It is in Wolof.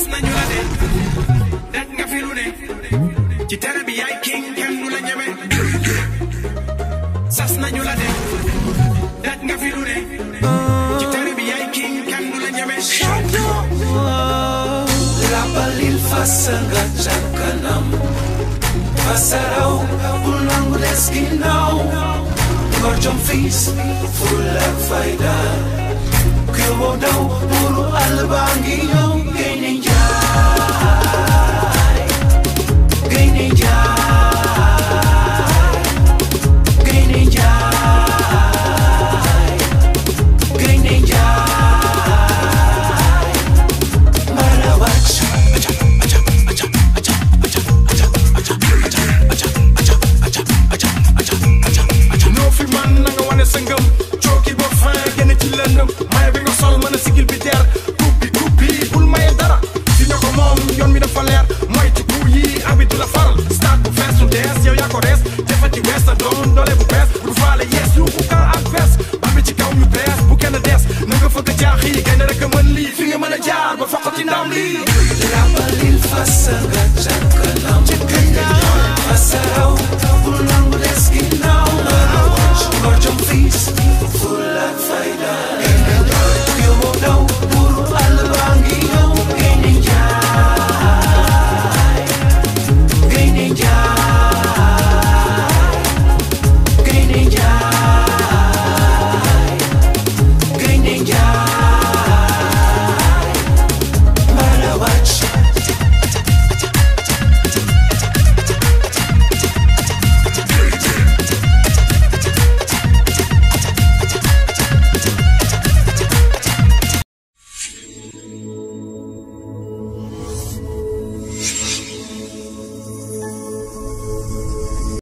gas nañu la de daj nga fi lu ne ci tere bi yaay king kenn nu la ñeme sas nañu la de dat nga fi lu ne ci tere bi yaay king kenn nu la ñeme rabalil fasa nga ca kanam fasa raw bul nangu des ginnaaw ngor jom fiis full ak fayda kyo daw buru sol mën a sigil bi teer kubbi kubbi bul maye dara si ñoo ko moom yoon mi dafa leer moytu ku yi abi du la faral stade bu fees su dees yow yaa ko rees jafati wees sa doon doole bu bees bu faale yees yu bu kan ak bees abi kaw ñu bees bu kenn dees na nga fëgg jaax yi gaynde rek a mën lii fi nga a jaar ba foqati ndam lii